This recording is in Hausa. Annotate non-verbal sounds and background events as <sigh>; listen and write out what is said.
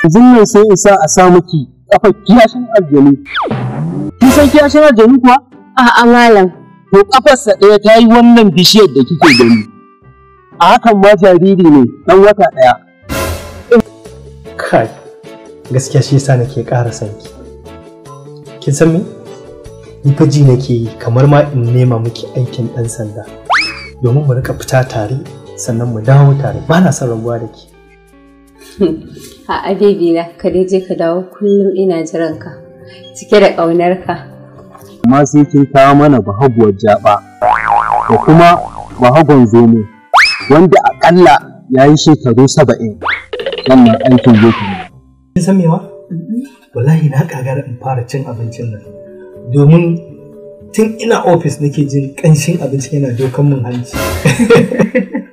ke zinnan sai isa a sa miki kafa kiyashin aljanu kin san kiyashin aljanu kuwa a'a malam to kafarsa ɗaya ta yi wannan bishiyar da kike gani a hakan ma jariri ne dan wata ɗaya kai gaskiya shi yasa nake ƙara sanki. kin san me ni fa ji nake yi kamar ma in nema miki aikin ɗan sanda domin mu rika fita tare sannan mu dawo tare ba na son rabuwa da ke <laughs> a abebi na ka dai je ka dawo kullum ina jiran ka cike da ƙaunar ka amma sai kin kawo mana bahaguwar jaba da kuma bahagon zomo wanda akalla ya yi shekaru saba'in wannan aikin yake ne. Kin san mewa? Wallahi na kagara in fara cin abincin nan domin tun ina ofis nake jin ƙanshin abinci yana dokan mun hanci <laughs>